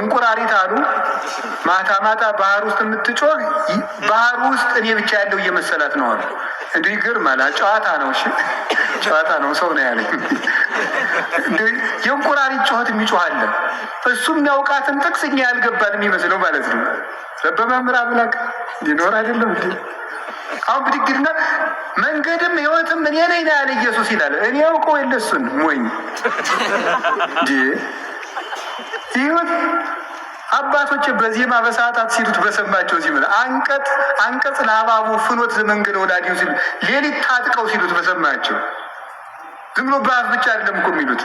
እንቁራሪት አሉ። ማታ ማታ ባህር ውስጥ የምትጮህ ባህር ውስጥ እኔ ብቻ ያለው እየመሰላት ነው አሉ። እንዲህ ግርም አላ ጨዋታ ነው። እሺ ጨዋታ ነው። ሰው ነው ያለኝ። የእንቁራሪት ጩኸት የሚጮሃለ እሱም የሚያውቃትን ጥቅስ እኛ ያልገባን የሚመስለው ማለት ነው። በመምህር አምላክ ሊኖር አይደለም እ አሁን ብድግድና መንገድም ህይወትም እኔ ነኝ ያለ ኢየሱስ ይላል። እኔ ያውቀው የለሱን ሞኝ ይሁን አባቶች በዜማ በሰዓታት ሲሉት በሰማቸው ሲብል አንቀጽ አንቀጽ ለአባቡ ፍኖት ዘመንገደ ወላዲሁ ሲሉ ሌሊት ታጥቀው ሲሉት በሰማቸው። ዝም ብሎ በአፍ ብቻ አይደለም እኮ የሚሉት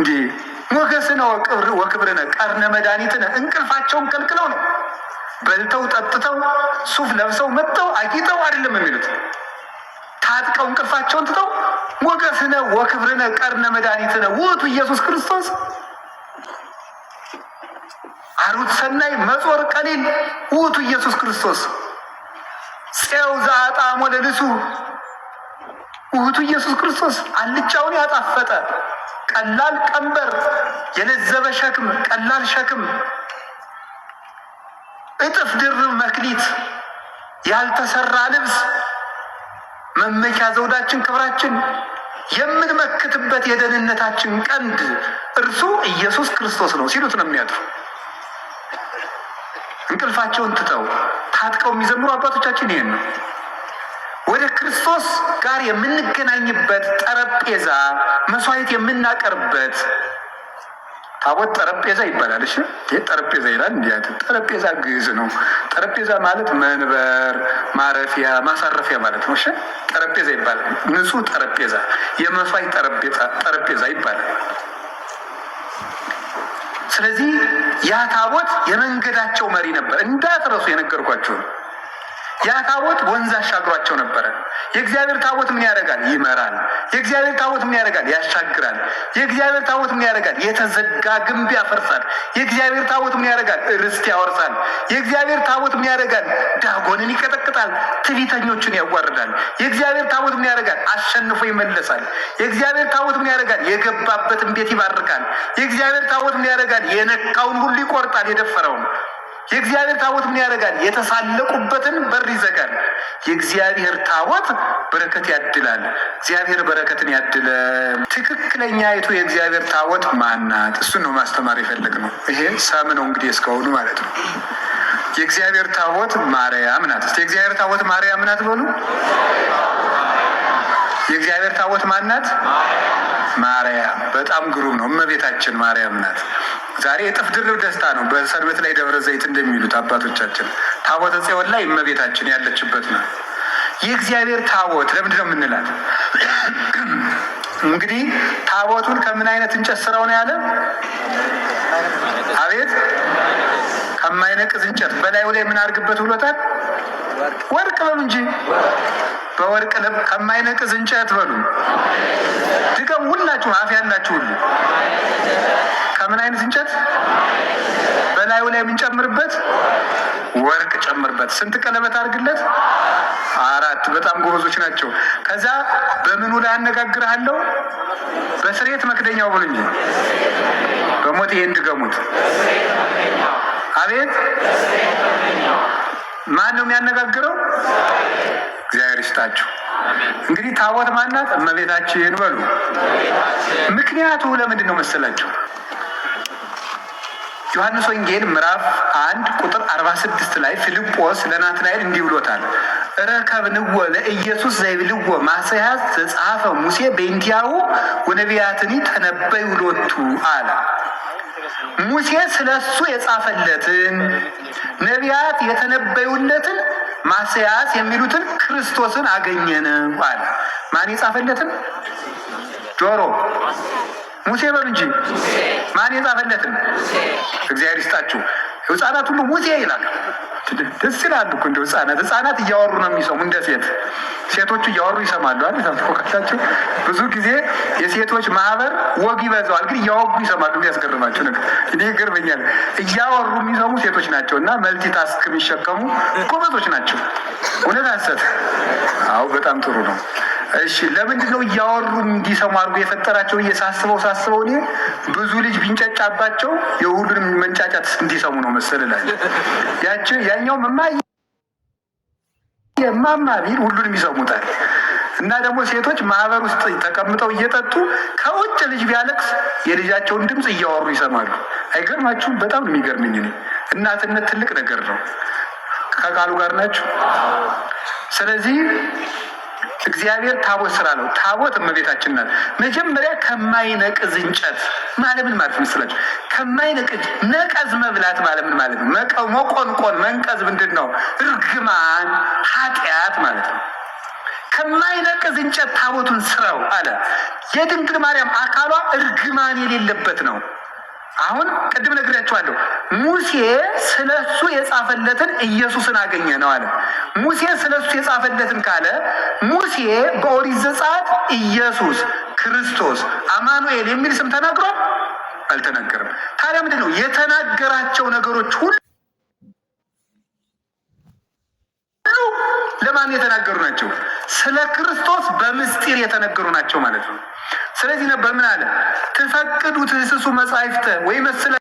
እንዲ ሞገስነ ወክብርነ ቀርነ መድኃኒትነ እንቅልፋቸውን ከልክለው ነው በልተው ጠጥተው ሱፍ ለብሰው መጥተው አጊጠው አይደለም የሚሉት ታጥቀው እንቅልፋቸውን ትተው ሞገስነ ወክብርነ ቀርነ መድኃኒትነ ውቱ ኢየሱስ ክርስቶስ አሩት ሰናይ መጾር ቀሊል ውቱ ኢየሱስ ክርስቶስ ፄው ዘአጣዕሞ ለልሱ ውቱ ኢየሱስ ክርስቶስ አልጫውን ያጣፈጠ ቀላል ቀንበር የለዘበ ሸክም ቀላል ሸክም እጥፍ ድርብ መክሊት ያልተሰራ ልብስ መመኪያ ዘውዳችን ክብራችን የምንመክትበት የደህንነታችን ቀንድ እርሱ ኢየሱስ ክርስቶስ ነው ሲሉት ነው የሚያድሩ። እንቅልፋቸውን ትተው ታጥቀው የሚዘምሩ አባቶቻችን ይሄን ነው። ወደ ክርስቶስ ጋር የምንገናኝበት ጠረጴዛ መስዋዕት የምናቀርበት ታቦት ጠረጴዛ ይባላል። እሺ ይህ ጠረጴዛ ይላል። እንዲ ጠረጴዛ ግዕዝ ነው። ጠረጴዛ ማለት መንበር፣ ማረፊያ፣ ማሳረፊያ ማለት ነው። እሺ ጠረጴዛ ይባላል። ንጹህ ጠረጴዛ፣ የመስዋዕት ጠረጴዛ ይባላል። ስለዚህ ያ ታቦት የመንገዳቸው መሪ ነበር። እንዳትረሱ የነገርኳቸው ያ ታቦት ወንዝ አሻግሯቸው ነበረ። የእግዚአብሔር ታቦት ምን ያደርጋል? ይመራል። የእግዚአብሔር ታቦት ምን ያደርጋል? ያሻግራል። የእግዚአብሔር ታቦት ምን ያደርጋል? የተዘጋ ግንብ ያፈርሳል። የእግዚአብሔር ታቦት ምን ያደርጋል? ርስት ያወርሳል። የእግዚአብሔር ታቦት ምን ያደርጋል? ዳጎንን ይቀጠቅጣል፣ ትዕቢተኞችን ያዋርዳል። የእግዚአብሔር ታቦት ምን ያደርጋል? አሸንፎ ይመለሳል። የእግዚአብሔር ታቦት ምን ያደርጋል? የገባበትን ቤት ይባርካል። የእግዚአብሔር ታቦት ምን ያደርጋል? የነካውን ሁሉ ይቆርጣል፣ የደፈረውን። የእግዚአብሔር ታቦት ምን ያደርጋል? የተሳለቁበትን በር ይዘጋል። የእግዚአብሔር ታቦት በረከት ያድላል። እግዚአብሔር በረከትን ያድለ። ትክክለኛ ይቱ የእግዚአብሔር ታቦት ማናት? እሱን ነው ማስተማር የፈለግ ነው። ይሄ ሰም ነው እንግዲህ እስከሆኑ ማለት ነው። የእግዚአብሔር ታቦት ማርያም ናት። እስኪ የእግዚአብሔር ታቦት ማርያም ናት በሉ። የእግዚአብሔር ታቦት ማናት? ማርያም በጣም ግሩም ነው። እመቤታችን ማርያም ናት። ዛሬ የጥፍ ድርብ ደስታ ነው። በሰንበት ላይ ደብረ ዘይት እንደሚሉት አባቶቻችን ታቦተ ጽዮን ላይ እመቤታችን ያለችበት ነው። የእግዚአብሔር ታቦት ለምንድን ነው የምንላት? እንግዲህ ታቦቱን ከምን አይነት እንጨት ስራው ነው ያለ? አቤት ከማይነቅዝ እንጨት በላዩ ላይ የምናርግበት ብሎታል? ወርቅ በሉ እንጂ በወርቅ ልብ ከማይነቅዝ እንጨት በሉ ድገም። ሁላችሁ አፍ ያላችሁ ሁሉ ከምን አይነት እንጨት በላዩ ላይ የምንጨምርበት ወርቅ ጨምርበት። ስንት ቀለበት አድርግለት? አራት። በጣም ጎበዞች ናቸው። ከዛ በምኑ ላይ አነጋግርሃለሁ? በስሬት መክደኛው ብሉኝ። በሞት ይሄን ድገሙት። አቤት ማን ነው የሚያነጋግረው? እግዚአብሔር ይስጣችሁ። እንግዲህ ታቦት ማናት? እመቤታችን በሉ። ምክንያቱ ለምንድን ነው መሰላችሁ? ዮሐንስ ወንጌል ምዕራፍ አንድ ቁጥር አርባ ስድስት ላይ ፊልጶስ ለናትናኤል እንዲህ ብሎታል። ረከብንዎ ለኢየሱስ ዘይብልዎ ማስያዝ ተጻፈ ሙሴ በእንቲያው ወነቢያትኒ ተነበዩ ሎቱ አለ ሙሴ ስለ እሱ የጻፈለትን ነቢያት የተነበዩለትን ማስያስ የሚሉትን ክርስቶስን አገኘን አለ። ማን የጻፈለትን? ጆሮ ሙሴ በሉ እንጂ ማን የጻፈለትን? እግዚአብሔር ይስጣችሁ። ህፃናት ሁሉ ሙሴ ይላል። ደስ ይላሉ እኮ እንደው ህጻናት ህጻናት እያወሩ ነው የሚሰሙ እንደ ሴት ሴቶቹ እያወሩ ይሰማሉ አይደል ታውቃላችሁ ብዙ ጊዜ የሴቶች ማህበር ወግ ይበዛዋል ግን እያወጉ ይሰማሉ ያስገርማቸው ነገር እኔ ይገርመኛል እያወሩ የሚሰሙ ሴቶች ናቸው እና መልቲ ታስክ የሚሸከሙ ጎበዞች ናቸው እውነት አንሰት አዎ በጣም ጥሩ ነው እሺ ለምንድን ነው እያወሩ እንዲሰሙ አድርጎ የፈጠራቸው? እየሳስበው ሳስበው እኔ ብዙ ልጅ ቢንጨጫባቸው የሁሉንም መንጫጫት እንዲሰሙ ነው መሰል እላለሁ። ያኛው መማ የማማ ቢል ሁሉንም ይሰሙታል። እና ደግሞ ሴቶች ማህበር ውስጥ ተቀምጠው እየጠጡ ከውጭ ልጅ ቢያለቅስ የልጃቸውን ድምፅ እያወሩ ይሰማሉ። አይገርማችሁም? በጣም የሚገርምኝ ነው። እናትነት ትልቅ ነገር ነው። ከቃሉ ጋር ናችሁ። ስለዚህ እግዚአብሔር ታቦት ስራ ነው። ታቦት እመቤታችን ናት። መጀመሪያ ከማይነቅዝ እንጨት ማለምን ማለት መስላችሁ? ከማይነቅዝ ነቀዝ መብላት ማለምን ማለት ነው? መቆንቆን፣ መንቀዝ ምንድን ነው? እርግማን፣ ኃጢአት ማለት ነው። ከማይነቅዝ እንጨት ታቦቱን ስራው አለ። የድንግል ማርያም አካሏ እርግማን የሌለበት ነው። አሁን ቅድም ነግሬያቸዋለሁ። ሙሴ ስለ እሱ የጻፈለትን ኢየሱስን አገኘ ነው አለ። ሙሴ ስለ እሱ የጻፈለትን ካለ ሙሴ በኦሪት ዘጸአት ኢየሱስ ክርስቶስ አማኑኤል የሚል ስም ተናግሯል? አልተናገርም። ታዲያ ምንድን ነው የተናገራቸው ነገሮች ሁሉ ለማን የተናገሩ ናቸው? ስለ ክርስቶስ በምስጢር የተነገሩ ናቸው ማለት ነው። ስለዚህ ነበር ምን አለ ትፈቅዱ ትህስሱ መጻሕፍተ መስለ